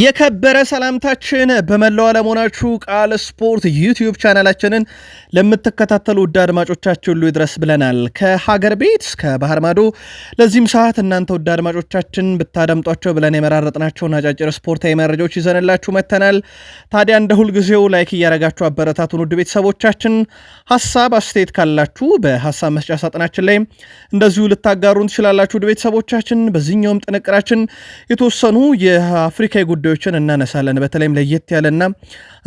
የከበረ ሰላምታችን በመላው ዓለም ሆናችሁ ቃል ስፖርት ዩቲዩብ ቻናላችንን ለምትከታተሉ ውድ አድማጮቻችን ሁሉ ይድረስ ብለናል። ከሀገር ቤት እስከ ባህር ማዶ ለዚህም ሰዓት እናንተ ውድ አድማጮቻችን ብታደምጧቸው ብለን የመራረጥናቸውን አጫጭር ስፖርታዊ መረጃዎች ይዘንላችሁ መጥተናል። ታዲያ እንደ ሁልጊዜው ላይክ እያረጋችሁ አበረታቱን ውድ ቤተሰቦቻችን። ሀሳብ አስተያየት ካላችሁ በሀሳብ መስጫ ሳጥናችን ላይ እንደዚሁ ልታጋሩን ትችላላችሁ። ውድ ቤተሰቦቻችን በዚህኛውም ጥንቅራችን የተወሰኑ የአፍሪካ ጉዳዮችን እናነሳለን። በተለይም ለየት ያለና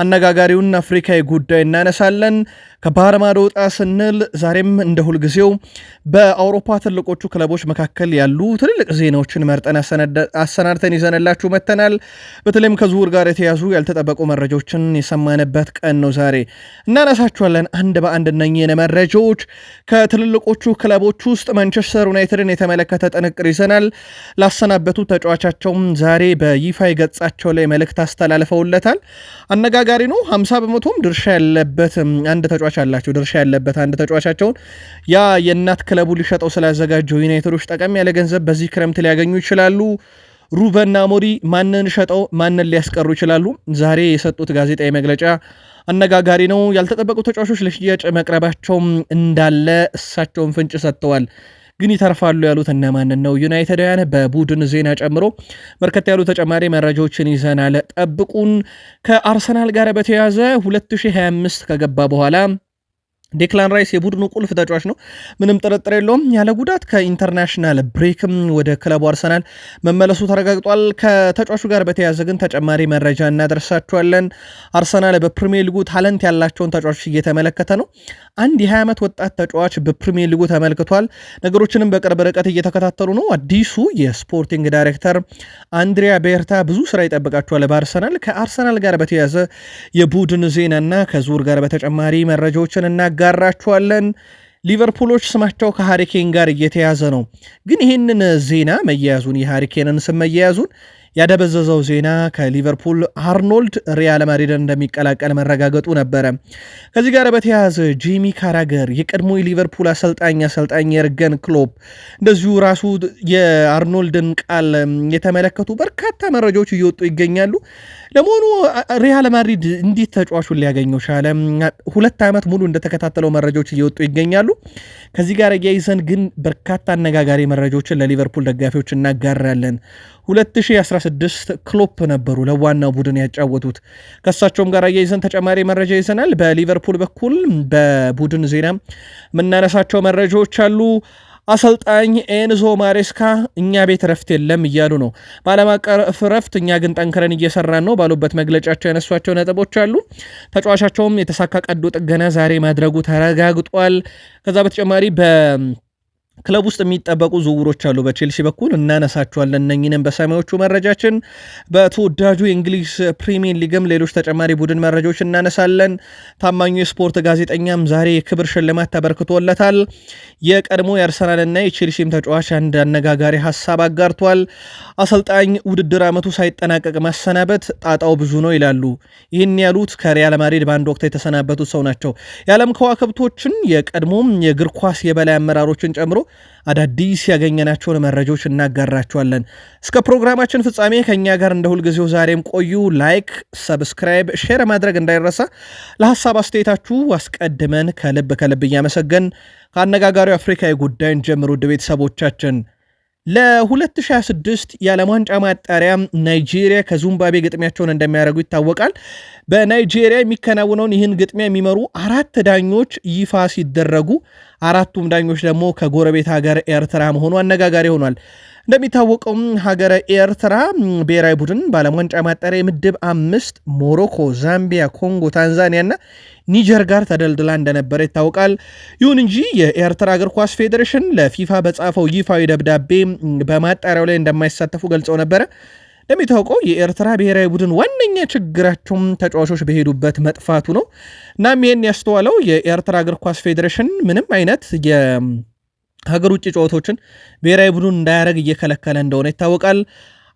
አነጋጋሪውን አፍሪካዊ ጉዳይ እናነሳለን። ከባህር ማዶ ወጣ ስንል ዛሬም እንደ ሁልጊዜው በአውሮፓ ትልቆቹ ክለቦች መካከል ያሉ ትልልቅ ዜናዎችን መርጠን አሰናድተን ይዘንላችሁ መጥተናል። በተለይም ከዝውውር ጋር የተያዙ ያልተጠበቁ መረጃዎችን የሰማንበት ቀን ነው ዛሬ። እናነሳችኋለን አንድ በአንድ እነኝህን መረጃዎች። ከትልልቆቹ ክለቦች ውስጥ ማንቸስተር ዩናይትድን የተመለከተ ጥንቅር ይዘናል። ላሰናበቱ ተጫዋቻቸውም ዛሬ በይፋ ገጻቸው ላይ መልእክት አስተላልፈውለታል። አነጋጋሪ ነው። 50 በመቶም ድርሻ ያለበት አንድ ተጫዋች አላቸው። ድርሻ ያለበት አንድ ተጫዋቻቸውን ያ የእናት ክለቡ ሊሸጠው ስላዘጋጀው ዩናይትዶች ጠቀም ያለ ገንዘብ በዚህ ክረምት ሊያገኙ ይችላሉ። ሩቨን አሞሪ ማንን ሸጠው ማንን ሊያስቀሩ ይችላሉ? ዛሬ የሰጡት ጋዜጣዊ መግለጫ አነጋጋሪ ነው። ያልተጠበቁ ተጫዋቾች ለሽያጭ መቅረባቸውም እንዳለ እሳቸውን ፍንጭ ሰጥተዋል። ግን ይተርፋሉ ያሉት እነማንን ነው? ዩናይትዳውያን በቡድን ዜና ጨምሮ በርከት ያሉ ተጨማሪ መረጃዎችን ይዘናል። ጠብቁን። ከአርሰናል ጋር በተያያዘ 2025 ከገባ በኋላ ዴክላን ራይስ የቡድኑ ቁልፍ ተጫዋች ነው፣ ምንም ጥርጥር የለውም። ያለ ጉዳት ከኢንተርናሽናል ብሬክም ወደ ክለቡ አርሰናል መመለሱ ተረጋግጧል። ከተጫዋቹ ጋር በተያያዘ ግን ተጨማሪ መረጃ እናደርሳችኋለን። አርሰናል በፕሪሚየር ሊጉ ታለንት ያላቸውን ተጫዋች እየተመለከተ ነው። አንድ የ20 ዓመት ወጣት ተጫዋች በፕሪሚየር ሊጉ ተመልክቷል። ነገሮችንም በቅርብ ርቀት እየተከታተሉ ነው። አዲሱ የስፖርቲንግ ዳይሬክተር አንድሪያ ቤርታ ብዙ ስራ ይጠብቃቸዋል በአርሰናል ከአርሰናል ጋር በተያያዘ የቡድን ዜናና ከዙር ጋር በተጨማሪ መረጃዎችን እና እናጋራችኋለን። ሊቨርፑሎች ስማቸው ከሃሪኬን ጋር እየተያዘ ነው። ግን ይህንን ዜና መያያዙን የሃሪኬንን ስም መያያዙን ያደበዘዘው ዜና ከሊቨርፑል አርኖልድ ሪያል ማድሪድን እንደሚቀላቀል መረጋገጡ ነበረ። ከዚህ ጋር በተያያዘ ጂሚ ካራገር የቀድሞ የሊቨርፑል አሰልጣኝ አሰልጣኝ የርገን ክሎፕ እንደዚሁ ራሱ የአርኖልድን ቃል የተመለከቱ በርካታ መረጃዎች እየወጡ ይገኛሉ። ለመሆኑ ሪያል ማድሪድ እንዴት ተጫዋቹን ሊያገኘው ቻለ? ሁለት ዓመት ሙሉ እንደተከታተለው መረጃዎች እየወጡ ይገኛሉ። ከዚህ ጋር እያይዘን ግን በርካታ አነጋጋሪ መረጃዎችን ለሊቨርፑል ደጋፊዎች እናጋራለን። 2016 ክሎፕ ነበሩ ለዋናው ቡድን ያጫወቱት። ከእሳቸውም ጋር እያይዘን ተጨማሪ መረጃ ይዘናል። በሊቨርፑል በኩል በቡድን ዜና የምናነሳቸው መረጃዎች አሉ። አሰልጣኝ ኤንዞ ማሬስካ እኛ ቤት ረፍት የለም እያሉ ነው። በዓለም አቀፍ ረፍት እኛ ግን ጠንክረን እየሰራን ነው ባሉበት መግለጫቸው ያነሷቸው ነጥቦች አሉ። ተጫዋቻቸውም የተሳካ ቀዶ ጥገና ዛሬ ማድረጉ ተረጋግጧል። ከዛ በተጨማሪ በ ክለብ ውስጥ የሚጠበቁ ዝውውሮች አሉ በቼልሲ በኩል እናነሳቸዋለን። እነኝንም በሰማዮቹ መረጃችን በተወዳጁ የእንግሊዝ ፕሪሚየር ሊግም ሌሎች ተጨማሪ ቡድን መረጃዎች እናነሳለን። ታማኙ የስፖርት ጋዜጠኛም ዛሬ የክብር ሽልማት ተበርክቶለታል። የቀድሞ የአርሰናልና የቼልሲም ተጫዋች አንድ አነጋጋሪ ሀሳብ አጋርቷል። አሰልጣኝ ውድድር ዓመቱ ሳይጠናቀቅ ማሰናበት ጣጣው ብዙ ነው ይላሉ። ይህን ያሉት ከሪያል ማድሪድ በአንድ ወቅት የተሰናበቱት ሰው ናቸው። የዓለም ከዋክብቶችን የቀድሞም የእግር ኳስ የበላይ አመራሮችን ጨምሮ አዳዲስ ያገኘናቸውን መረጃዎች እናጋራችኋለን። እስከ ፕሮግራማችን ፍጻሜ ከእኛ ጋር እንደ ሁልጊዜው ዛሬም ቆዩ። ላይክ፣ ሰብስክራይብ፣ ሼር ማድረግ እንዳይረሳ። ለሀሳብ አስተያየታችሁ አስቀድመን ከልብ ከልብ እያመሰገን ከአነጋጋሪው አፍሪካዊ ጉዳይን ጀምሮ ውድ ቤተሰቦቻችን ለ2026 የዓለም ዋንጫ ማጣሪያ ናይጄሪያ ከዙምባቤ ግጥሚያቸውን እንደሚያደርጉ ይታወቃል። በናይጄሪያ የሚከናውነውን ይህን ግጥሚያ የሚመሩ አራት ዳኞች ይፋ ሲደረጉ አራቱም ዳኞች ደግሞ ከጎረቤት ሀገር ኤርትራ መሆኑ አነጋጋሪ ሆኗል። እንደሚታወቀውም ሀገረ ኤርትራ ብሔራዊ ቡድን በዓለም ዋንጫ ማጣሪያ ምድብ አምስት ሞሮኮ፣ ዛምቢያ፣ ኮንጎ፣ ታንዛኒያና ኒጀር ጋር ተደልድላ እንደነበረ ይታወቃል። ይሁን እንጂ የኤርትራ እግር ኳስ ፌዴሬሽን ለፊፋ በጻፈው ይፋዊ ደብዳቤ በማጣሪያው ላይ እንደማይሳተፉ ገልጸው ነበረ። እንደሚታወቀው የኤርትራ ብሔራዊ ቡድን ዋነኛ ችግራቸውም ተጫዋቾች በሄዱበት መጥፋቱ ነው። እናም ይህን ያስተዋለው የኤርትራ እግር ኳስ ፌዴሬሽን ምንም አይነት የሀገር ውጭ ጨዋታዎችን ብሔራዊ ቡድን እንዳያደረግ እየከለከለ እንደሆነ ይታወቃል።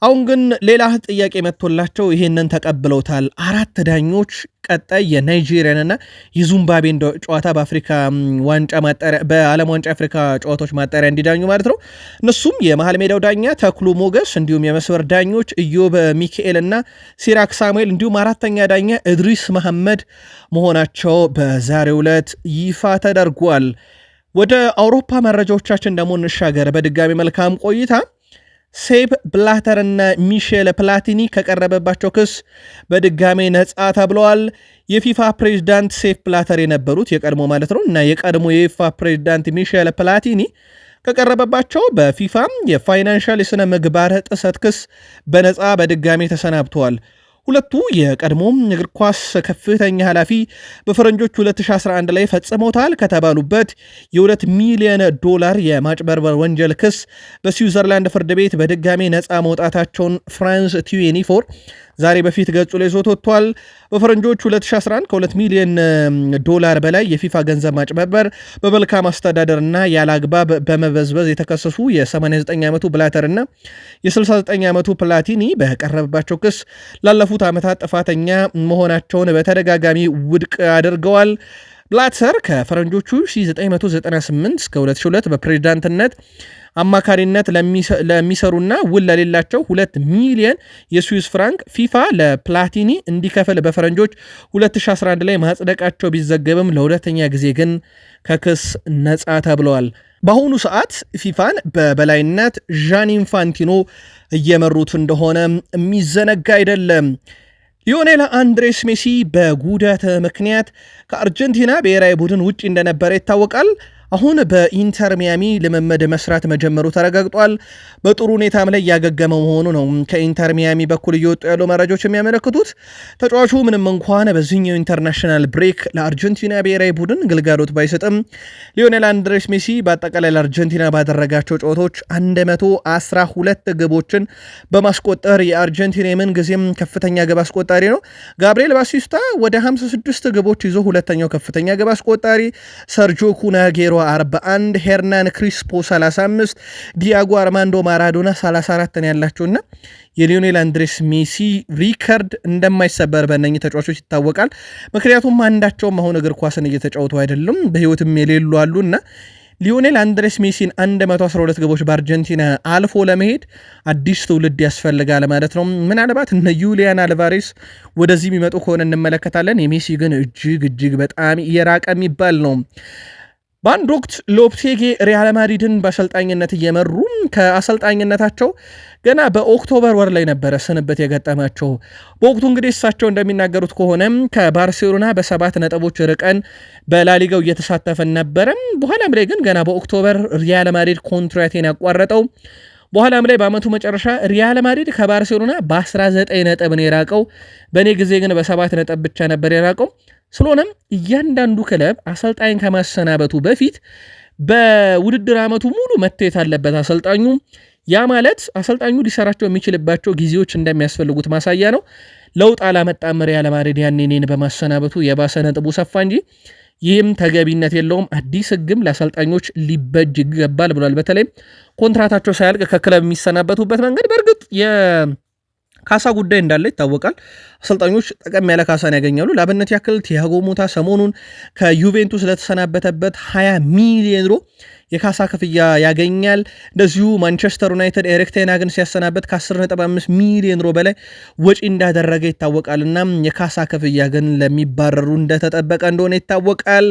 አሁን ግን ሌላ ጥያቄ መጥቶላቸው ይሄንን ተቀብለውታል። አራት ዳኞች ቀጣይ የናይጄሪያንና የዚምባብዌን ጨዋታ በአፍሪካ ዋንጫ ማጣሪያ በዓለም ዋንጫ አፍሪካ ጨዋታዎች ማጣሪያ እንዲዳኙ ማለት ነው። እነሱም የመሀል ሜዳው ዳኛ ተክሉ ሞገስ እንዲሁም የመስበር ዳኞች ኢዮብ ሚካኤልና ሲራክ ሳሙኤል እንዲሁም አራተኛ ዳኛ እድሪስ መሐመድ መሆናቸው በዛሬው ዕለት ይፋ ተደርጓል። ወደ አውሮፓ መረጃዎቻችን ደግሞ እንሻገር። በድጋሚ መልካም ቆይታ ሴፕ ብላተርና ሚሼል ፕላቲኒ ከቀረበባቸው ክስ በድጋሜ ነፃ ተብለዋል። የፊፋ ፕሬዚዳንት ሴፕ ብላተር የነበሩት የቀድሞ ማለት ነው እና የቀድሞ የፊፋ ፕሬዚዳንት ሚሼል ፕላቲኒ ከቀረበባቸው በፊፋም የፋይናንሻል የሥነ ምግባር ጥሰት ክስ በነፃ በድጋሜ ተሰናብተዋል። ሁለቱ የቀድሞም እግር ኳስ ከፍተኛ ኃላፊ በፈረንጆች 2011 ላይ ፈጽመውታል ከተባሉበት የ2 ሚሊዮን ዶላር የማጭበርበር ወንጀል ክስ በስዊዘርላንድ ፍርድ ቤት በድጋሜ ነፃ መውጣታቸውን ፍራንስ ቲዌኒ ዛሬ በፊት ገጹ ላይ ይዞት ወጥቷል። በፈረንጆች 2011 ከ2 ሚሊዮን ዶላር በላይ የፊፋ ገንዘብ ማጭበርበር፣ በመልካም አስተዳደርና ያለ አግባብ በመበዝበዝ የተከሰሱ የ89 ዓመቱ ብላተርና የ69 ዓመቱ ፕላቲኒ በቀረበባቸው ክስ ላለፉት ዓመታት ጥፋተኛ መሆናቸውን በተደጋጋሚ ውድቅ አድርገዋል። ብላተር ከፈረንጆቹ 1998 እስከ 2002 በፕሬዚዳንትነት አማካሪነት ለሚሰሩና ውል ለሌላቸው ሁለት ሚሊየን የስዊስ ፍራንክ ፊፋ ለፕላቲኒ እንዲከፍል በፈረንጆች 2011 ላይ ማጽደቃቸው ቢዘገብም ለሁለተኛ ጊዜ ግን ከክስ ነፃ ተብለዋል። በአሁኑ ሰዓት ፊፋን በበላይነት ዣን ኢንፋንቲኖ እየመሩት እንደሆነ የሚዘነጋ አይደለም። ሊዮኔል አንድሬስ ሜሲ በጉዳት ምክንያት ከአርጀንቲና ብሔራዊ ቡድን ውጭ እንደነበረ ይታወቃል። አሁን በኢንተር ሚያሚ ልምምድ መስራት መጀመሩ ተረጋግጧል። በጥሩ ሁኔታም ላይ እያገገመ መሆኑ ነው ከኢንተር ሚያሚ በኩል እየወጡ ያሉ መረጃዎች የሚያመለክቱት። ተጫዋቹ ምንም እንኳን በዚህኛው ኢንተርናሽናል ብሬክ ለአርጀንቲና ብሔራዊ ቡድን ግልጋሎት ባይሰጥም ሊዮኔል አንድሬስ ሜሲ በአጠቃላይ ለአርጀንቲና ባደረጋቸው ጨዋታዎች 112 ግቦችን በማስቆጠር የአርጀንቲና የምን ጊዜም ከፍተኛ ግብ አስቆጣሪ ነው። ጋብሪኤል ባሲስታ ወደ 56 ግቦች ይዞ ሁለተኛው ከፍተኛ ግብ አስቆጣሪ፣ ሰርጆ ኩናጌሮ 41፣ ሄርናን ክሪስፖ 35፣ ዲያጎ አርማንዶ ማራዶና 34 ነው ያላቸውና የሊዮኔል አንድሬስ ሜሲ ሪከርድ እንደማይሰበር በእነኚህ ተጫዋቾች ይታወቃል። ምክንያቱም አንዳቸውም አሁን እግር ኳስን እየተጫወቱ አይደለም፣ በህይወትም የሌሉ እና ሊዮኔል አንድሬስ ሜሲን 112 ግቦች በአርጀንቲና አልፎ ለመሄድ አዲስ ትውልድ ያስፈልጋል ማለት ነው። ምናልባት እነ ዩሊያን አልቫሬስ ወደዚህ የሚመጡ ከሆነ እንመለከታለን። የሜሲ ግን እጅግ እጅግ በጣም የራቀ የሚባል ነው። በአንድ ወቅት ሎፕቴጌ ሪያል ማድሪድን በአሰልጣኝነት እየመሩም ከአሰልጣኝነታቸው ገና በኦክቶበር ወር ላይ ነበረ ስንብት የገጠማቸው። በወቅቱ እንግዲህ እሳቸው እንደሚናገሩት ከሆነም ከባርሴሎና በሰባት ነጥቦች ርቀን በላሊጋው እየተሳተፈን ነበረም። በኋላም ላይ ግን ገና በኦክቶበር ሪያል ማድሪድ ኮንትራቴን ያቋረጠው። በኋላም ላይ በአመቱ መጨረሻ ሪያል ማድሪድ ከባርሴሎና በ19 ነጥብ ነው የራቀው። በእኔ ጊዜ ግን በሰባት ነጥብ ብቻ ነበር የራቀው። ስለሆነም እያንዳንዱ ክለብ አሰልጣኝ ከማሰናበቱ በፊት በውድድር ዓመቱ ሙሉ መታየት አለበት አሰልጣኙ። ያ ማለት አሰልጣኙ ሊሰራቸው የሚችልባቸው ጊዜዎች እንደሚያስፈልጉት ማሳያ ነው። ለውጥ አላመጣም ሪያል ማድሪድ ያኔ እኔን በማሰናበቱ የባሰ ነጥቡ ሰፋ እንጂ ይህም ተገቢነት የለውም። አዲስ ህግም ለአሰልጣኞች ሊበጅ ይገባል ብሏል። በተለይም ኮንትራታቸው ሳያልቅ ከክለብ የሚሰናበቱበት መንገድ በእርግጥ ካሳ ጉዳይ እንዳለ ይታወቃል። አሰልጣኞች ጠቀም ያለ ካሳን ያገኛሉ። ለአብነት ያክል ቲያጎ ሞታ ሰሞኑን ከዩቬንቱስ ለተሰናበተበት 20 ሚሊዮን ዩሮ የካሳ ክፍያ ያገኛል። እንደዚሁ ማንቸስተር ዩናይትድ ኤሪክ ቴን ሃግን ሲያሰናበት ከ10.5 ሚሊዮን ዩሮ በላይ ወጪ እንዳደረገ ይታወቃል። እና የካሳ ክፍያ ግን ለሚባረሩ እንደተጠበቀ እንደሆነ ይታወቃል።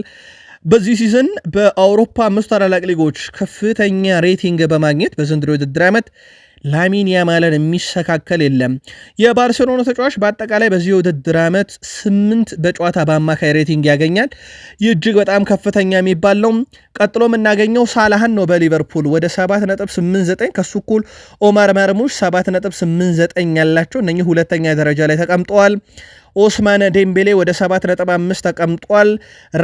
በዚህ ሲዝን በአውሮፓ አምስቱ ታላላቅ ሊጎች ከፍተኛ ሬቲንግ በማግኘት በዘንድሮ የውድድር ዓመት ላሚን ያማልን የሚሰካከል የለም። የባርሴሎና ተጫዋች በአጠቃላይ በዚህ የውድድር ዓመት ስምንት በጨዋታ በአማካይ ሬቲንግ ያገኛል። ይህ እጅግ በጣም ከፍተኛ የሚባል ነው። ቀጥሎ የምናገኘው ሳላህን ነው በሊቨርፑል ወደ 7.89 ከሱ እኩል ኦማር መርሙሽ 7.89 ያላቸው እነኚህ ሁለተኛ ደረጃ ላይ ተቀምጠዋል። ኦስማነ ዴምቤሌ ወደ 7.5 ተቀምጧል።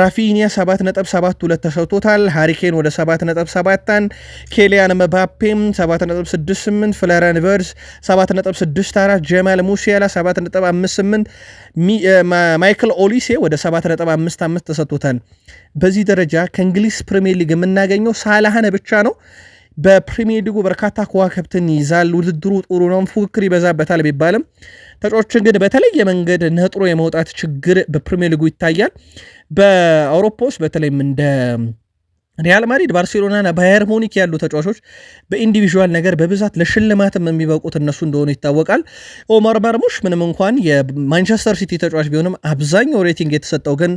ራፊኒያ 7.72 ተሰጥቶታል። ሃሪኬን ወደ 7.71፣ ኬሊያን መባፔም 7.68፣ ፍለረን ቨርዝ 7.64፣ ጀማል ሙሲያላ 7.58፣ ማይክል ኦሊሴ ወደ 7.55 ተሰጥቶታል። በዚህ ደረጃ ከእንግሊዝ ፕሪሚየር ሊግ የምናገኘው ሳላህን ብቻ ነው። በፕሪሚየር ሊጉ በርካታ ከዋክብትን ይይዛል። ውድድሩ ጥሩ ነው፣ ፉክክር ይበዛበታል ቢባልም ተጫዋቾችን ግን በተለየ መንገድ ነጥሮ የመውጣት ችግር በፕሪሚየር ሊጉ ይታያል። በአውሮፓ ውስጥ በተለይም እንደ ሪያል ማድሪድ ባርሴሎናና ባየር ሙኒክ ያሉ ተጫዋቾች በኢንዲቪዥዋል ነገር በብዛት ለሽልማትም የሚበቁት እነሱ እንደሆኑ ይታወቃል። ኦማር ማርሙሽ ምንም እንኳን የማንቸስተር ሲቲ ተጫዋች ቢሆንም አብዛኛው ሬቲንግ የተሰጠው ግን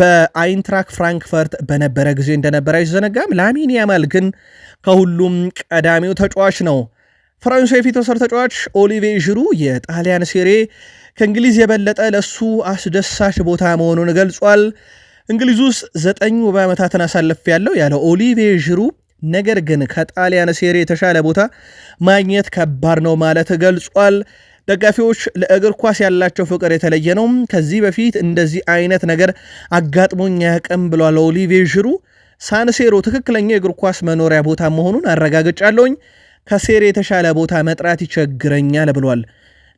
በአይንትራክ ፍራንክፈርት በነበረ ጊዜ እንደነበረ አይዘነጋም። ላሚን ያማል ግን ከሁሉም ቀዳሚው ተጫዋች ነው። ፈረንሳዊ የፊት ወሰር ተጫዋች ኦሊቬ ዥሩ የጣሊያን ሴሬ ከእንግሊዝ የበለጠ ለእሱ አስደሳች ቦታ መሆኑን ገልጿል። እንግሊዝ ውስጥ ዘጠኝ ውብ ዓመታትን ያለው ያለ ኦሊቬ ዥሩ ነገር ግን ከጣሊያን ሴሪ የተሻለ ቦታ ማግኘት ከባድ ነው ማለት ገልጿል። ደጋፊዎች ለእግር ኳስ ያላቸው ፍቅር የተለየ ነው። ከዚህ በፊት እንደዚህ አይነት ነገር አጋጥሞኝ አያውቅም ብሏል ኦሊቬ ዥሩ። ሳንሴሮ ትክክለኛ የእግር ኳስ መኖሪያ ቦታ መሆኑን አረጋግጫለሁኝ። ከሴሪ የተሻለ ቦታ መጥራት ይቸግረኛል ብሏል።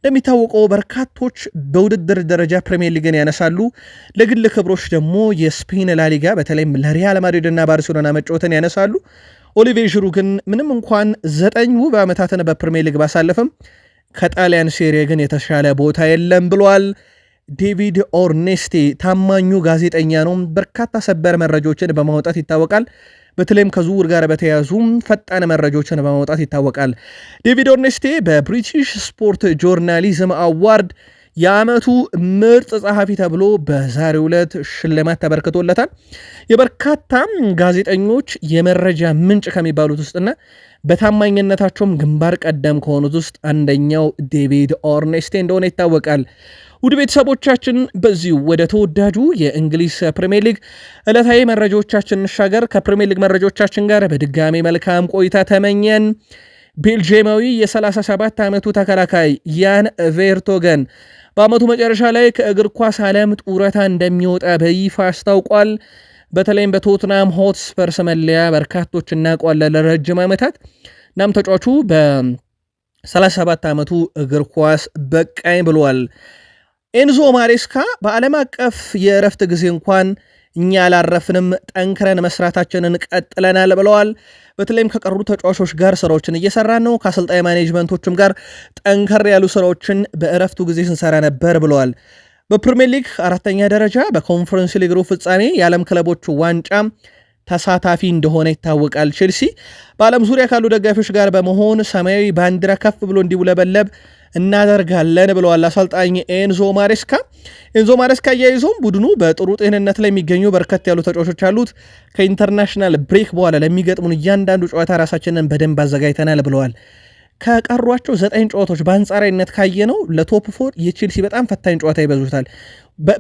እንደሚታወቀው በርካቶች በውድድር ደረጃ ፕሪምየር ሊግን ያነሳሉ። ለግል ክብሮች ደግሞ የስፔን ላሊጋ በተለይም ለሪያል ማድሪድና ባርሴሎና መጫወትን ያነሳሉ። ኦሊቬ ዥሩ ግን ምንም እንኳን ዘጠኝ ውብ ዓመታትን በፕሪምየር ሊግ ባሳለፍም ከጣሊያን ሴሬ ግን የተሻለ ቦታ የለም ብሏል። ዴቪድ ኦርኔስቴ ታማኙ ጋዜጠኛ ነው። በርካታ ሰበር መረጃዎችን በማውጣት ይታወቃል። በተለይም ከዝውውር ጋር በተያያዙ ፈጣን መረጃዎችን በማውጣት ይታወቃል። ዴቪድ ኦርኔስቴ በብሪቲሽ ስፖርት ጆርናሊዝም አዋርድ የዓመቱ ምርጥ ጸሐፊ ተብሎ በዛሬው ዕለት ሽልማት ተበርክቶለታል። የበርካታ ጋዜጠኞች የመረጃ ምንጭ ከሚባሉት ውስጥና በታማኝነታቸውም ግንባር ቀደም ከሆኑት ውስጥ አንደኛው ዴቪድ ኦርኔስቴ እንደሆነ ይታወቃል። ውድ ቤተሰቦቻችን በዚሁ ወደ ተወዳጁ የእንግሊዝ ፕሪምየር ሊግ ዕለታዊ መረጃዎቻችን እንሻገር። ከፕሪምየር ሊግ መረጃዎቻችን ጋር በድጋሚ መልካም ቆይታ ተመኘን። ቤልጅየማዊ የ37 ዓመቱ ተከላካይ ያን ቬርቶገን በዓመቱ መጨረሻ ላይ ከእግር ኳስ ዓለም ጡረታ እንደሚወጣ በይፋ አስታውቋል። በተለይም በቶትናም ሆትስፐርስ መለያ በርካቶች እናውቀዋለን ለረጅም ዓመታት። እናም ተጫዋቹ በ37 ዓመቱ እግር ኳስ በቃኝ ብሏል። ኤንዞ ማሬስካ በዓለም አቀፍ የእረፍት ጊዜ እንኳን እኛ አላረፍንም፣ ጠንክረን መስራታችንን ቀጥለናል ብለዋል። በተለይም ከቀሩ ተጫዋቾች ጋር ስራዎችን እየሰራን ነው፣ ከአሰልጣኝ ማኔጅመንቶችም ጋር ጠንከር ያሉ ስራዎችን በእረፍቱ ጊዜ ስንሰራ ነበር ብለዋል። በፕሪሚየር ሊግ አራተኛ ደረጃ በኮንፈረንስ ሊግ ሩብ ፍጻሜ የዓለም ክለቦች ዋንጫ ተሳታፊ እንደሆነ ይታወቃል። ቼልሲ በዓለም ዙሪያ ካሉ ደጋፊዎች ጋር በመሆን ሰማያዊ ባንዲራ ከፍ ብሎ እንዲውለበለብ እናደርጋለን ብለዋል አሰልጣኝ ኤንዞ ማሬስካ። ኤንዞ ማሬስካ አያይዞም ቡድኑ በጥሩ ጤንነት ላይ የሚገኙ በርከት ያሉ ተጫዋቾች አሉት። ከኢንተርናሽናል ብሬክ በኋላ ለሚገጥሙን እያንዳንዱ ጨዋታ ራሳችንን በደንብ አዘጋጅተናል ብለዋል። ከቀሯቸው ዘጠኝ ጨዋታዎች በአንጻራዊነት ካየ ነው ለቶፕ ፎር የቼልሲ በጣም ፈታኝ ጨዋታ ይበዙታል።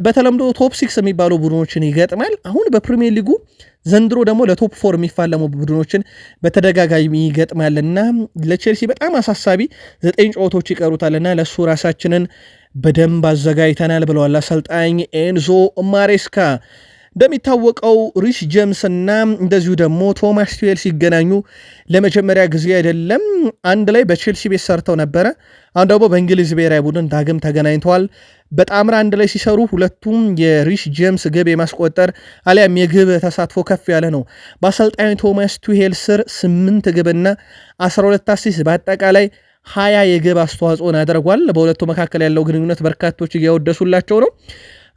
በተለምዶ ቶፕ ሲክስ የሚባሉ ቡድኖችን ይገጥማል። አሁን በፕሪሚየር ሊጉ ዘንድሮ ደግሞ ለቶፕ ፎር የሚፋለሙ ቡድኖችን በተደጋጋሚ እና ለቼልሲ በጣም አሳሳቢ ዘጠኝ ጨዋታዎች ይቀሩታልና ለእሱ ራሳችንን በደንብ አዘጋጅተናል ብለዋል አሰልጣኝ ኤንዞ ማሬስካ። እንደሚታወቀው ሪሽ ጄምስ እና እንደዚሁ ደግሞ ቶማስ ቱዌል ሲገናኙ ለመጀመሪያ ጊዜ አይደለም። አንድ ላይ በቼልሲ ቤት ሰርተው ነበረ። አሁን ደግሞ በእንግሊዝ ብሔራዊ ቡድን ዳግም ተገናኝተዋል። በጣምራ አንድ ላይ ሲሰሩ ሁለቱም የሪሽ ጄምስ ግብ የማስቆጠር አሊያም የግብ ተሳትፎ ከፍ ያለ ነው። በአሰልጣኝ ቶማስ ቱሄል ስር ስምንት ግብና 12 አሲስት በአጠቃላይ ሀያ የግብ አስተዋጽኦን አድርጓል። በሁለቱ መካከል ያለው ግንኙነት በርካቶች እያወደሱላቸው ነው።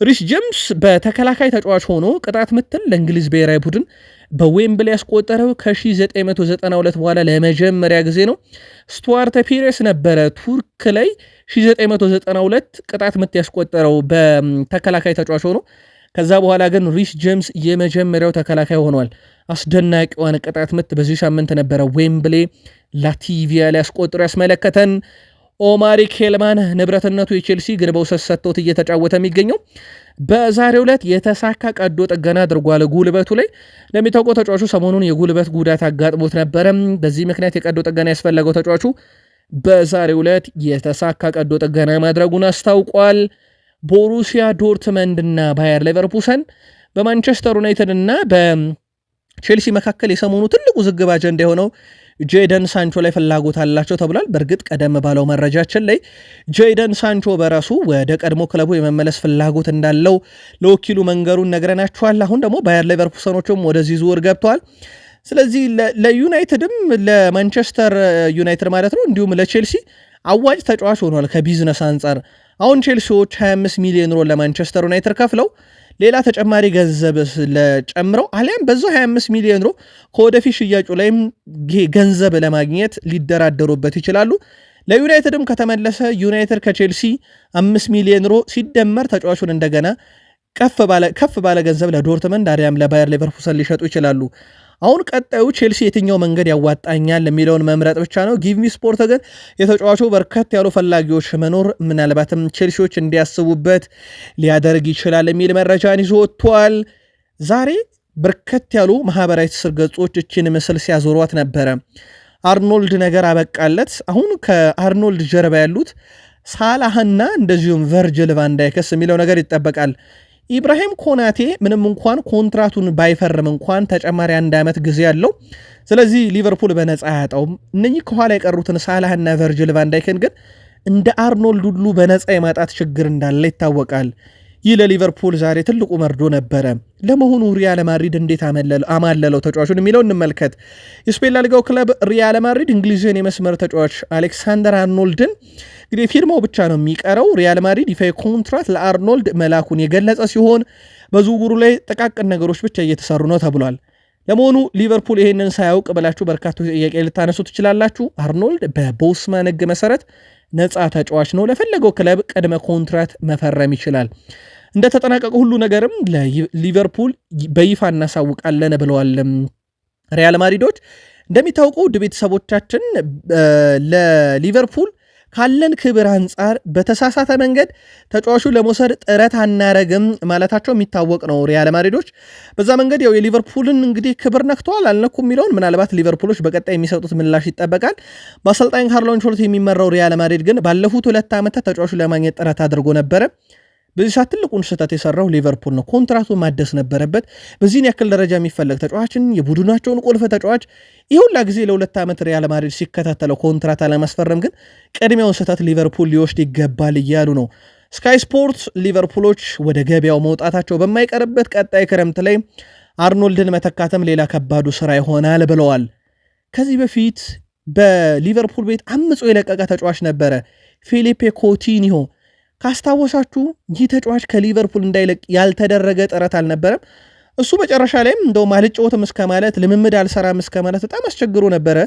ሪስ ጄምስ በተከላካይ ተጫዋች ሆኖ ቅጣት ምትን ለእንግሊዝ ብሔራዊ ቡድን በዌምብል ያስቆጠረው ከ1992 በኋላ ለመጀመሪያ ጊዜ ነው። ስቱዋርተ ፒሬስ ነበረ ቱርክ ላይ 1992 ቅጣት ምት ያስቆጠረው በተከላካይ ተጫዋች ሆኖ። ከዛ በኋላ ግን ሪስ ጀምስ የመጀመሪያው ተከላካይ ሆኗል። አስደናቂዋን ቅጣት ምት በዚህ ሳምንት ነበረ ዌምብሌ ላቲቪያ ላይ ያስቆጥሮ ያስመለከተን። ኦማሪ ኬልማን ንብረትነቱ የቼልሲ ግን በውሰት ሰጥቶት እየተጫወተ የሚገኘው በዛሬው ዕለት የተሳካ ቀዶ ጥገና አድርጓል ጉልበቱ ላይ። እንደሚታወቀው ተጫዋቹ ሰሞኑን የጉልበት ጉዳት አጋጥሞት ነበረ። በዚህ ምክንያት የቀዶ ጥገና ያስፈለገው ተጫዋቹ በዛሬው ዕለት የተሳካ ቀዶ ጥገና ማድረጉን አስታውቋል። ቦሩሲያ ዶርትመንድ እና ባየር ሌቨርፑሰን በማንቸስተር ዩናይትድ እና በቼልሲ መካከል የሰሞኑ ትልቁ ውዝግብ አጀንዳ የሆነው ጄደን ሳንቾ ላይ ፍላጎት አላቸው ተብሏል። በእርግጥ ቀደም ባለው መረጃችን ላይ ጄደን ሳንቾ በራሱ ወደ ቀድሞ ክለቡ የመመለስ ፍላጎት እንዳለው ለወኪሉ መንገሩን ነግረናችኋል። አሁን ደግሞ ባየር ሌቨርኩሰኖችም ወደዚህ ዝውውር ገብተዋል። ስለዚህ ለዩናይትድም ለማንቸስተር ዩናይትድ ማለት ነው እንዲሁም ለቼልሲ አዋጭ ተጫዋች ሆኗል ከቢዝነስ አንጻር። አሁን ቼልሲዎች 25 ሚሊዮን ሮ ለማንቸስተር ዩናይትድ ከፍለው ሌላ ተጨማሪ ገንዘብ ለጨምረው አሊያም በዛ 25 ሚሊዮን ሮ ከወደፊት ሽያጩ ላይም ገንዘብ ለማግኘት ሊደራደሩበት ይችላሉ። ለዩናይትድም ከተመለሰ ዩናይትድ ከቼልሲ 5 ሚሊዮን ሮ ሲደመር ተጫዋቹን እንደገና ከፍ ባለ ገንዘብ ለዶርትመንድ አሊያም ለባየር ሌቨርኩሰን ሊሸጡ ይችላሉ። አሁን ቀጣዩ ቼልሲ የትኛው መንገድ ያዋጣኛል የሚለውን መምረጥ ብቻ ነው። ጊቭሚ ስፖርት ግን የተጫዋቹ በርከት ያሉ ፈላጊዎች መኖር ምናልባትም ቼልሲዎች እንዲያስቡበት ሊያደርግ ይችላል የሚል መረጃን ይዞ ወጥቷል። ዛሬ በርከት ያሉ ማህበራዊ ትስስር ገጾች እችን ምስል ሲያዞሯት ነበረ። አርኖልድ ነገር አበቃለት። አሁን ከአርኖልድ ጀርባ ያሉት ሳላህና እንደዚሁም ቨርጅል ቫንዳይከስ የሚለው ነገር ይጠበቃል። ኢብራሂም ኮናቴ ምንም እንኳን ኮንትራቱን ባይፈርም እንኳን ተጨማሪ አንድ ዓመት ጊዜ አለው። ስለዚህ ሊቨርፑል በነፃ አያጣውም። እነኚህ ከኋላ የቀሩትን ሳላህና ቨርጅል ቫንዳይከን ግን እንደ አርኖልድ ሁሉ በነፃ የማጣት ችግር እንዳለ ይታወቃል። ይህ ለሊቨርፑል ዛሬ ትልቁ መርዶ ነበረ። ለመሆኑ ሪያል ማድሪድ እንዴት አማለለው ተጫዋቹን የሚለው እንመልከት። የስፔን ላሊጋው ክለብ ሪያል ማድሪድ እንግሊዝን የመስመር ተጫዋች አሌክሳንደር አርኖልድን እንግዲህ ፊርማው ብቻ ነው የሚቀረው። ሪያል ማድሪድ ይፋ ኮንትራት ለአርኖልድ መላኩን የገለጸ ሲሆን በዝውውሩ ላይ ጥቃቅን ነገሮች ብቻ እየተሰሩ ነው ተብሏል። ለመሆኑ ሊቨርፑል ይህንን ሳያውቅ ብላችሁ በርካቶች ጥያቄ ልታነሱ ትችላላችሁ። አርኖልድ በቦስማን ሕግ መሰረት ነፃ ተጫዋች ነው። ለፈለገው ክለብ ቅድመ ኮንትራት መፈረም ይችላል። እንደተጠናቀቀ ሁሉ ነገርም ለሊቨርፑል በይፋ እናሳውቃለን ብለዋል ሪያል ማድሪዶች። እንደሚታወቁ ውድ ቤተሰቦቻችን ለሊቨርፑል ካለን ክብር አንጻር በተሳሳተ መንገድ ተጫዋቹ ለመውሰድ ጥረት አናረግም ማለታቸው የሚታወቅ ነው። ሪያል ማድሪዶች በዛ መንገድ ያው የሊቨርፑልን እንግዲህ ክብር ነክተዋል አልነኩ የሚለውን ምናልባት ሊቨርፑሎች በቀጣይ የሚሰጡት ምላሽ ይጠበቃል። በአሰልጣኝ ካርሎ አንቸሎቲ የሚመራው ሪያል ማድሪድ ግን ባለፉት ሁለት ዓመታት ተጫዋቹ ለማግኘት ጥረት አድርጎ ነበረ። በዚህ ሰዓት ትልቁን ስህተት የሰራው ሊቨርፑል ነው። ኮንትራቱ ማደስ ነበረበት። በዚህን ያክል ደረጃ የሚፈለግ ተጫዋችን የቡድናቸውን ቁልፍ ተጫዋች ይሁላ ጊዜ ለሁለት ዓመት ሪያል ማድሪድ ሲከታተለው ኮንትራት አለማስፈረም ግን ቅድሚያውን ስህተት ሊቨርፑል ሊወስድ ይገባል እያሉ ነው ስካይ ስፖርት። ሊቨርፑሎች ወደ ገበያው መውጣታቸው በማይቀርበት ቀጣይ ክረምት ላይ አርኖልድን መተካተም ሌላ ከባዱ ስራ ይሆናል ብለዋል። ከዚህ በፊት በሊቨርፑል ቤት አምጾ የለቀቀ ተጫዋች ነበረ ፊሊፔ ኮቲኒሆ ካስታወሳችሁ ይህ ተጫዋች ከሊቨርፑል እንዳይለቅ ያልተደረገ ጥረት አልነበረም። እሱ መጨረሻ ላይም እንደውም አልጫወትም እስከ ማለት ልምምድ አልሰራም እስከ ማለት በጣም አስቸግሮ ነበረ።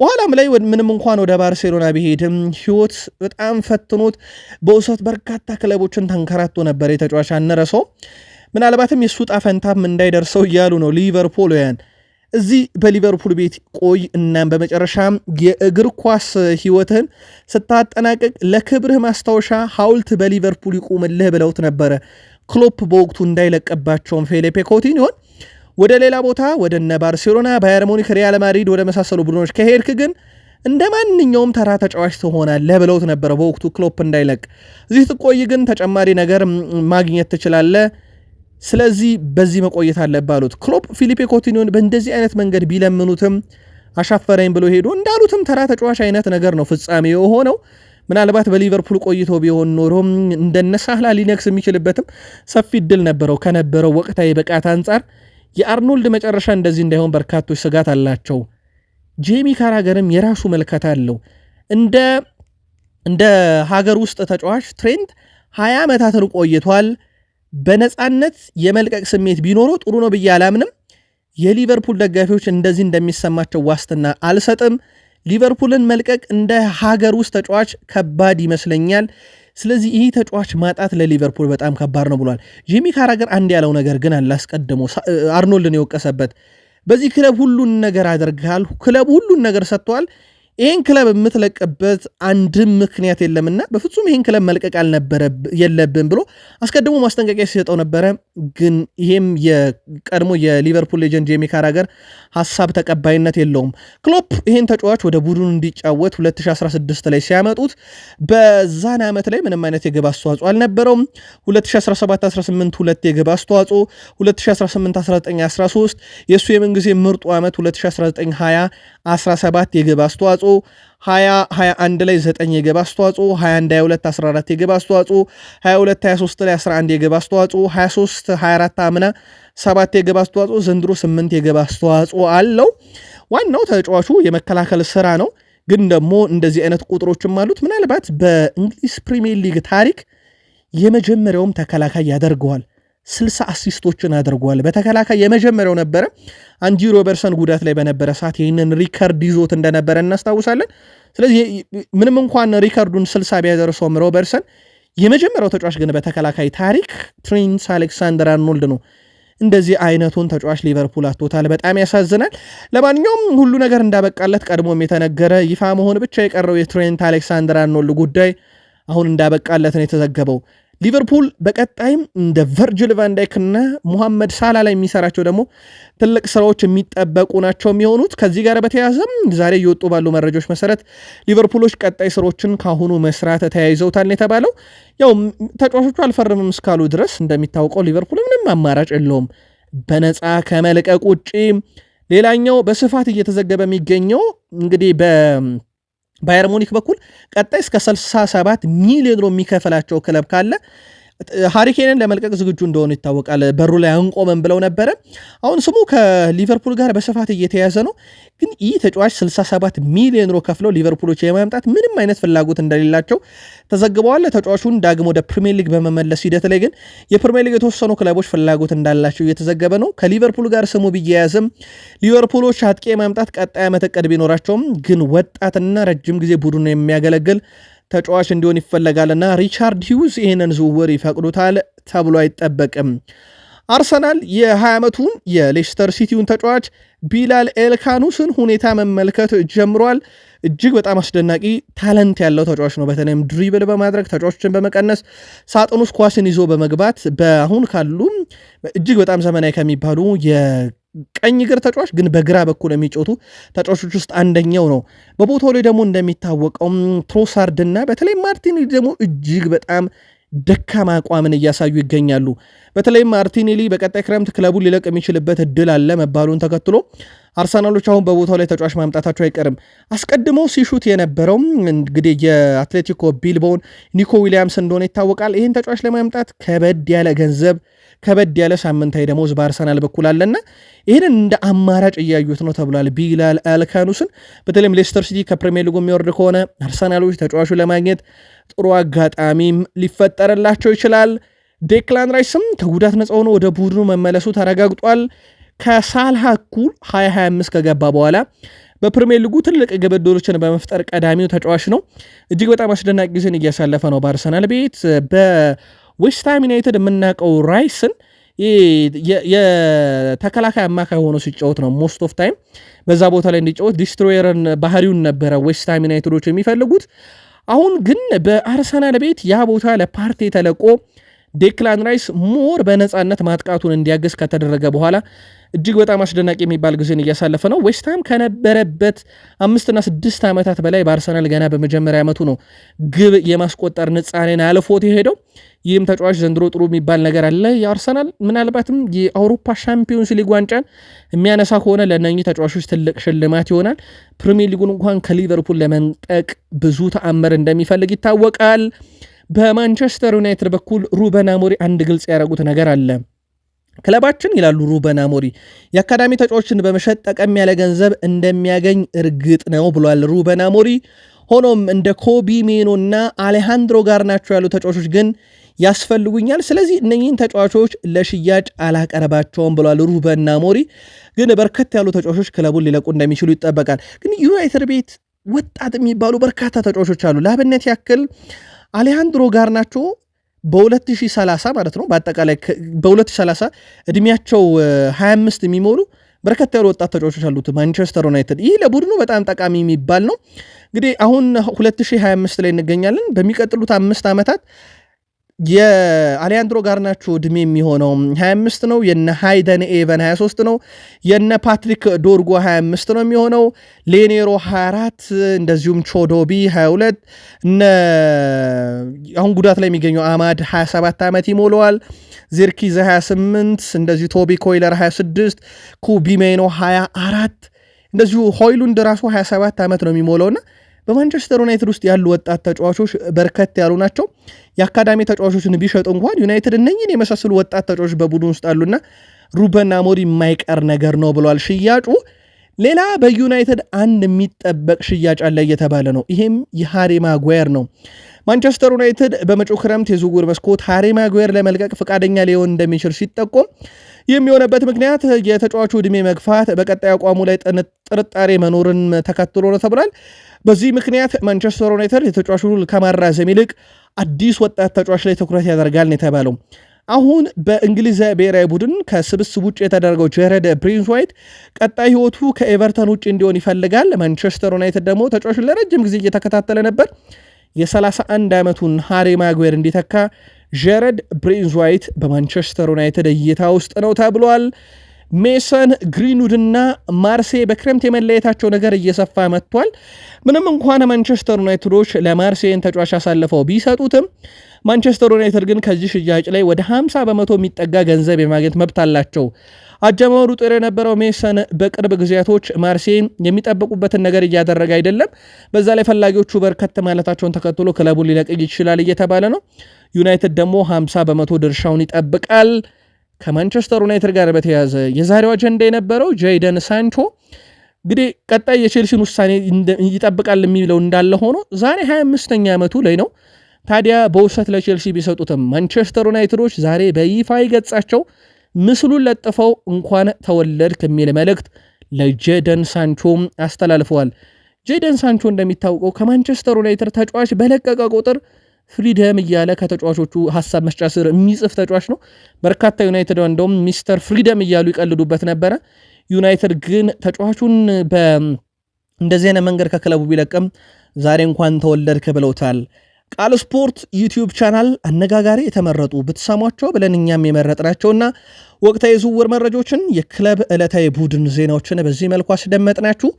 በኋላም ላይ ምንም እንኳን ወደ ባርሴሎና ቢሄድም ህይወት በጣም ፈትኖት በውሰት በርካታ ክለቦችን ተንከራቶ ነበር። የተጫዋች አነረሰው ምናልባትም የእሱ ጣፈንታም እንዳይደርሰው እያሉ ነው ሊቨርፑልያን። እዚህ በሊቨርፑል ቤት ቆይ። እናም በመጨረሻም የእግር ኳስ ህይወትህን ስታጠናቀቅ ለክብርህ ማስታወሻ ሐውልት በሊቨርፑል ይቁምልህ ብለውት ነበረ ክሎፕ በወቅቱ እንዳይለቀባቸውም ፌሊፔ ኮቲኒዮን ወደ ሌላ ቦታ ወደ እነ ባርሴሎና፣ ባየር ሙኒክ፣ ሪያል ማድሪድ ወደ መሳሰሉ ቡድኖች ከሄድክ ግን እንደ ማንኛውም ተራ ተጫዋች ትሆናለህ ብለውት ነበረ በወቅቱ ክሎፕ እንዳይለቅ። እዚህ ትቆይ ግን ተጨማሪ ነገር ማግኘት ትችላለህ ስለዚህ በዚህ መቆየት አለብህ አሉት። ክሎፕ ፊሊፔ ኮቲኒዮን በእንደዚህ አይነት መንገድ ቢለምኑትም አሻፈረኝ ብሎ ሄዶ እንዳሉትም ተራ ተጫዋች አይነት ነገር ነው ፍጻሜ የሆነው። ምናልባት በሊቨርፑል ቆይቶ ቢሆን ኖሮ እንደነሳህላ ሊነክስ የሚችልበትም ሰፊ እድል ነበረው። ከነበረው ወቅታዊ ብቃት አንጻር የአርኖልድ መጨረሻ እንደዚህ እንዳይሆን በርካቶች ስጋት አላቸው። ጄሚ ካራገርም የራሱ መልከታ አለው። እንደ እንደ ሀገር ውስጥ ተጫዋች ትሬንት 20 ዓመታትን ቆይቷል። በነፃነት የመልቀቅ ስሜት ቢኖረው ጥሩ ነው ብዬ አላምንም። የሊቨርፑል ደጋፊዎች እንደዚህ እንደሚሰማቸው ዋስትና አልሰጥም። ሊቨርፑልን መልቀቅ እንደ ሀገር ውስጥ ተጫዋች ከባድ ይመስለኛል። ስለዚህ ይህ ተጫዋች ማጣት ለሊቨርፑል በጣም ከባድ ነው ብሏል። ጂሚ ካራገር አንድ ያለው ነገር ግን አላስቀድሞ አርኖልድን የወቀሰበት በዚህ ክለብ ሁሉን ነገር አድርገሃል፣ ክለብ ሁሉን ነገር ሰጥተዋል፣ ይህን ክለብ የምትለቅበት አንድም ምክንያት የለምና በፍጹም ይህን ክለብ መልቀቅ የለብን ብሎ አስቀድሞ ማስጠንቀቂያ ሲሰጠው ነበረ። ግን ይሄም የቀድሞ የሊቨርፑል ሌጀንድ ጄሚ ካራገር ሀሳብ ተቀባይነት የለውም። ክሎፕ ይህን ተጫዋች ወደ ቡድኑ እንዲጫወት 2016 ላይ ሲያመጡት በዛን ዓመት ላይ ምንም አይነት የግብ አስተዋጽኦ አልነበረውም። 201718 ሁለት የግብ አስተዋጽኦ፣ 20181913 የእሱ የምንጊዜ ምርጡ ዓመት 201920 17 የግብ አስተዋጽኦ አስተዋጽኦ 20 ላይ 9 የግብ አስተዋጽኦ 21 22 14 የግብ አስተዋጽኦ 22 23 ላይ 11 የግብ አስተዋጽኦ 23 24 አምና 7 የግብ አስተዋጽኦ ዘንድሮ 8 የግብ አስተዋጽኦ አለው። ዋናው ተጫዋቹ የመከላከል ስራ ነው። ግን ደግሞ እንደዚህ አይነት ቁጥሮችም አሉት። ምናልባት በእንግሊዝ ፕሪሚየር ሊግ ታሪክ የመጀመሪያውም ተከላካይ ያደርገዋል። 60 አሲስቶችን አድርጓል። በተከላካይ የመጀመሪያው ነበረ። አንጂ ሮበርሰን ጉዳት ላይ በነበረ ሰዓት ይህንን ሪከርድ ይዞት እንደነበረ እናስታውሳለን። ስለዚህ ምንም እንኳን ሪከርዱን ስልሳ ቢያደርሰውም ሮበርሰን የመጀመሪያው ተጫዋች ግን በተከላካይ ታሪክ ትሬንት አሌክሳንደር አርኖልድ ነው። እንደዚህ አይነቱን ተጫዋች ሊቨርፑል አቶታል። በጣም ያሳዝናል። ለማንኛውም ሁሉ ነገር እንዳበቃለት ቀድሞም የተነገረ ይፋ መሆን ብቻ የቀረው የትሬንት አሌክሳንደር አርኖልድ ጉዳይ አሁን እንዳበቃለት ነው የተዘገበው። ሊቨርፑል በቀጣይም እንደ ቨርጅል ቫንዳይክ ሙሐመድ ሳላ ላይ የሚሰራቸው ደግሞ ትልቅ ስራዎች የሚጠበቁ ናቸው የሚሆኑት። ከዚህ ጋር በተያያዘም ዛሬ እየወጡ ባሉ መረጃዎች መሰረት ሊቨርፑሎች ቀጣይ ስራዎችን ከአሁኑ መስራት ተያይዘውታል የተባለው ያው ተጫዋቾቹ አልፈርምም እስካሉ ድረስ እንደሚታወቀው ሊቨርፑል ምንም አማራጭ የለውም በነፃ ከመልቀቅ ውጪ። ሌላኛው በስፋት እየተዘገበ የሚገኘው እንግዲህ በ ባየር ሙኒክ በኩል ቀጣይ እስከ 67 ሚሊዮን የሚከፈላቸው ክለብ ካለ ሃሪኬንን ለመልቀቅ ዝግጁ እንደሆኑ ይታወቃል። በሩ ላይ አንቆመን ብለው ነበረ። አሁን ስሙ ከሊቨርፑል ጋር በስፋት እየተያዘ ነው። ግን ይህ ተጫዋች 67 ሚሊዮን ሮ ከፍለው ሊቨርፑሎች የማምጣት ምንም አይነት ፍላጎት እንደሌላቸው ተዘግበዋል። ተጫዋቹን ዳግም ወደ ፕሪሚየር ሊግ በመመለስ ሂደት ላይ ግን የፕሪሚየር ሊግ የተወሰኑ ክለቦች ፍላጎት እንዳላቸው እየተዘገበ ነው። ከሊቨርፑል ጋር ስሙ ቢያያዝም ሊቨርፑሎች አጥቂ የማምጣት ቀጣይ ዓመት እቅድ ቢኖራቸውም ግን ወጣትና ረጅም ጊዜ ቡድኑ የሚያገለግል ተጫዋች እንዲሆን ይፈለጋልና ሪቻርድ ሂውስ ይህንን ዝውውር ይፈቅዱታል ተብሎ አይጠበቅም። አርሰናል የ20 ዓመቱን የሌስተር ሲቲውን ተጫዋች ቢላል ኤልካኑስን ሁኔታ መመልከት ጀምሯል። እጅግ በጣም አስደናቂ ታለንት ያለው ተጫዋች ነው። በተለይም ድሪብል በማድረግ ተጫዋቾችን በመቀነስ ሳጥን ውስጥ ኳስን ይዞ በመግባት በአሁን ካሉ እጅግ በጣም ዘመናዊ ከሚባሉ ቀኝ እግር ተጫዋች ግን በግራ በኩል የሚጮቱ ተጫዋቾች ውስጥ አንደኛው ነው። በቦታው ላይ ደግሞ እንደሚታወቀው ትሮሳርድና በተለይ ማርቲኔሊ ደግሞ እጅግ በጣም ደካማ አቋምን እያሳዩ ይገኛሉ። በተለይም ማርቲኔሊ በቀጣይ ክረምት ክለቡን ሊለቅ የሚችልበት እድል አለ መባሉን ተከትሎ አርሰናሎች አሁን በቦታው ላይ ተጫዋች ማምጣታቸው አይቀርም። አስቀድሞ ሲሹት የነበረው እንግዲህ የአትሌቲኮ ቢልቦን ኒኮ ዊሊያምስ እንደሆነ ይታወቃል። ይህን ተጫዋች ለማምጣት ከበድ ያለ ገንዘብ ከበድ ያለ ሳምንታዊ ደሞዝ በአርሰናል በኩል አለና ይህንን እንደ አማራጭ እያዩት ነው ተብሏል። ቢላል አልካኑስን በተለይም ሌስተር ሲቲ ከፕሪሚየር ሊጉ የሚወርድ ከሆነ አርሰናሎች ተጫዋቹ ለማግኘት ጥሩ አጋጣሚም ሊፈጠርላቸው ይችላል። ዴክላን ራይስም ከጉዳት ነጻ ሆኖ ወደ ቡድኑ መመለሱ ተረጋግጧል። ከሳልሃ እኩል 2025 ከገባ በኋላ በፕሪሚየር ሊጉ ትልቅ ግብ ዕድሎችን በመፍጠር ቀዳሚው ተጫዋች ነው። እጅግ በጣም አስደናቂ ጊዜን እያሳለፈ ነው በአርሰናል ቤት በ ዌስትሃም ዩናይትድ የምናውቀው ራይስን የተከላካይ አማካይ ሆኖ ሲጫወት ነው ሞስት ኦፍ ታይም በዛ ቦታ ላይ እንዲጫወት ዲስትሮየርን ባህሪውን ነበረ ዌስትሃም ዩናይትዶች የሚፈልጉት። አሁን ግን በአርሰናል ቤት ያ ቦታ ለፓርቴ ተለቆ ዴክላን ራይስ ሞር በነፃነት ማጥቃቱን እንዲያገዝ ከተደረገ በኋላ እጅግ በጣም አስደናቂ የሚባል ጊዜን እያሳለፈ ነው። ዌስትሃም ከነበረበት አምስትና ስድስት ዓመታት በላይ በአርሰናል ገና በመጀመሪያ ዓመቱ ነው ግብ የማስቆጠር ንጻኔን አልፎት የሄደው። ይህም ተጫዋች ዘንድሮ ጥሩ የሚባል ነገር አለ። የአርሰናል ምናልባትም የአውሮፓ ሻምፒዮንስ ሊግ ዋንጫን የሚያነሳ ከሆነ ለእነኚህ ተጫዋቾች ትልቅ ሽልማት ይሆናል። ፕሪሚየር ሊጉን እንኳን ከሊቨርፑል ለመንጠቅ ብዙ ተአምር እንደሚፈልግ ይታወቃል። በማንቸስተር ዩናይትድ በኩል ሩበን አሞሪ አንድ ግልጽ ያደረጉት ነገር አለ። ክለባችን ይላሉ ሩበን አሞሪ የአካዳሚ ተጫዋችን በመሸጥ ጠቀም ያለ ገንዘብ እንደሚያገኝ እርግጥ ነው ብሏል ሩበን አሞሪ። ሆኖም እንደ ኮቢ ሜኖ እና አሌሃንድሮ ናቸው ያሉ ተጫዋቾች ግን ያስፈልጉኛል፣ ስለዚህ እነኚህን ተጫዋቾች ለሽያጭ አላቀረባቸውም ብሏል ሩበን አሞሪ። ግን በርከት ያሉ ተጫዋቾች ክለቡን ሊለቁ እንደሚችሉ ይጠበቃል። ግን ዩናይትድ ቤት ወጣት የሚባሉ በርካታ ተጫዋቾች አሉ። ለአብነት ያክል አሌሃንድሮ ጋርናቾ በ2030 ማለት ነው በአጠቃላይ በ2030 እድሜያቸው 25 የሚሞሉ በርከት ያሉ ወጣት ተጫዋቾች አሉት ማንቸስተር ዩናይትድ። ይህ ለቡድኑ በጣም ጠቃሚ የሚባል ነው። እንግዲህ አሁን 2025 ላይ እንገኛለን። በሚቀጥሉት አምስት ዓመታት የአሊያንድሮ ጋርናቾ እድሜ የሚሆነው 25 ነው። የነ ሃይደን ኤቨን 23 ነው። የነ ፓትሪክ ዶርጎ 25 ነው የሚሆነው። ሌኔሮ 24፣ እንደዚሁም ቾዶቢ 22 እነ አሁን ጉዳት ላይ የሚገኘው አማድ 27 ዓመት ይሞለዋል። ዚርኪዝ 28፣ እንደዚሁ ቶቢ ኮይለር 26፣ ኩቢሜኖ 24 እንደዚሁ ሆይሉንድ ራሱ 27 ዓመት ነው የሚሞለውና በማንቸስተር ዩናይትድ ውስጥ ያሉ ወጣት ተጫዋቾች በርከት ያሉ ናቸው። የአካዳሚ ተጫዋቾችን ቢሸጡ እንኳን ዩናይትድ እነኝን የመሳሰሉ ወጣት ተጫዋቾች በቡድን ውስጥ አሉና ሩበን አሞሪም የማይቀር ነገር ነው ብሏል። ሽያጩ ሌላ በዩናይትድ አንድ የሚጠበቅ ሽያጭ አለ እየተባለ ነው። ይሄም የሃሪ ማጓየር ነው። ማንቸስተር ዩናይትድ በመጪው ክረምት የዝውውር መስኮት ሃሪ ማጓየር ለመልቀቅ ፈቃደኛ ሊሆን እንደሚችል ሲጠቆም የሚሆነበት ምክንያት የተጫዋቹ ዕድሜ መግፋት በቀጣይ አቋሙ ላይ ጥርጣሬ መኖርን ተከትሎ ነው ተብሏል። በዚህ ምክንያት ማንቸስተር ዩናይትድ የተጫዋቹ ከማራዘም ይልቅ አዲስ ወጣት ተጫዋች ላይ ትኩረት ያደርጋል ነው የተባለው። አሁን በእንግሊዝ ብሔራዊ ቡድን ከስብስብ ውጭ የተደረገው ጀረድ ፕሪንስ ዋይት ቀጣይ ህይወቱ ከኤቨርተን ውጭ እንዲሆን ይፈልጋል። ማንቸስተር ዩናይትድ ደግሞ ተጫዋቹን ለረጅም ጊዜ እየተከታተለ ነበር። የ31 ዓመቱን ሃሪ ማግዌር እንዲተካ ጀረድ ብሬንዝዋይት በማንቸስተር ዩናይትድ እይታ ውስጥ ነው ተብሏል። ሜሰን ግሪንውድና ማርሴ በክረምት የመለየታቸው ነገር እየሰፋ መጥቷል። ምንም እንኳን ማንቸስተር ዩናይትዶች ለማርሴን ተጫዋች አሳልፈው ቢሰጡትም ማንቸስተር ዩናይትድ ግን ከዚህ ሽያጭ ላይ ወደ 50 በመቶ የሚጠጋ ገንዘብ የማግኘት መብት አላቸው። አጀማመሩ ጥሩ የነበረው ሜሰን በቅርብ ጊዜያቶች ማርሴን የሚጠብቁበትን ነገር እያደረገ አይደለም። በዛ ላይ ፈላጊዎቹ በርከት ማለታቸውን ተከትሎ ክለቡን ሊለቅ ይችላል እየተባለ ነው። ዩናይትድ ደግሞ 50 በመቶ ድርሻውን ይጠብቃል። ከማንቸስተር ዩናይትድ ጋር በተያያዘ የዛሬው አጀንዳ የነበረው ጄይደን ሳንቾ እንግዲህ ቀጣይ የቼልሲን ውሳኔ ይጠብቃል የሚለው እንዳለ ሆኖ ዛሬ 25ኛ ዓመቱ ላይ ነው። ታዲያ በውሰት ለቼልሲ ቢሰጡትም ማንቸስተር ዩናይትዶች ዛሬ በይፋ ይገጻቸው ምስሉን ለጥፈው እንኳን ተወለድክ የሚል መልእክት ለጄደን ሳንቾም አስተላልፈዋል። ጄደን ሳንቾ እንደሚታወቀው ከማንቸስተር ዩናይትድ ተጫዋች በለቀቀ ቁጥር ፍሪደም እያለ ከተጫዋቾቹ ሀሳብ መስጫ ስር የሚጽፍ ተጫዋች ነው። በርካታ ዩናይትድ እንደውም ሚስተር ፍሪደም እያሉ ይቀልዱበት ነበረ። ዩናይትድ ግን ተጫዋቹን በእንደዚህ አይነት መንገድ ከክለቡ ቢለቅም ዛሬ እንኳን ተወለድክ ብለውታል። ቃል ስፖርት ዩቲዩብ ቻናል አነጋጋሪ የተመረጡ ብትሰሟቸው ብለን እኛም የመረጥ የመረጥናቸውና ወቅታዊ ዝውውር መረጃዎችን የክለብ ዕለታዊ ቡድን ዜናዎችን በዚህ መልኩ አስደመጥናችሁ።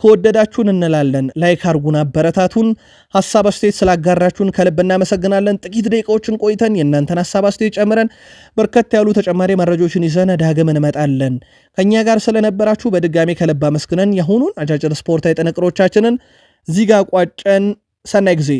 ከወደዳችሁን እንላለን። ላይክ አርጉን፣ አበረታቱን። ሀሳብ አስተያየት ስላጋራችሁን ከልብ እናመሰግናለን። ጥቂት ደቂቃዎችን ቆይተን የእናንተን ሀሳብ አስተያየት ጨምረን በርከት ያሉ ተጨማሪ መረጃዎችን ይዘን ዳግም እንመጣለን። ከእኛ ጋር ስለነበራችሁ በድጋሜ ከልብ አመስግነን የአሁኑን አጫጭር ስፖርታዊ ጥንቅሮቻችንን ዚጋ ቋጨን። ሰናይ ጊዜ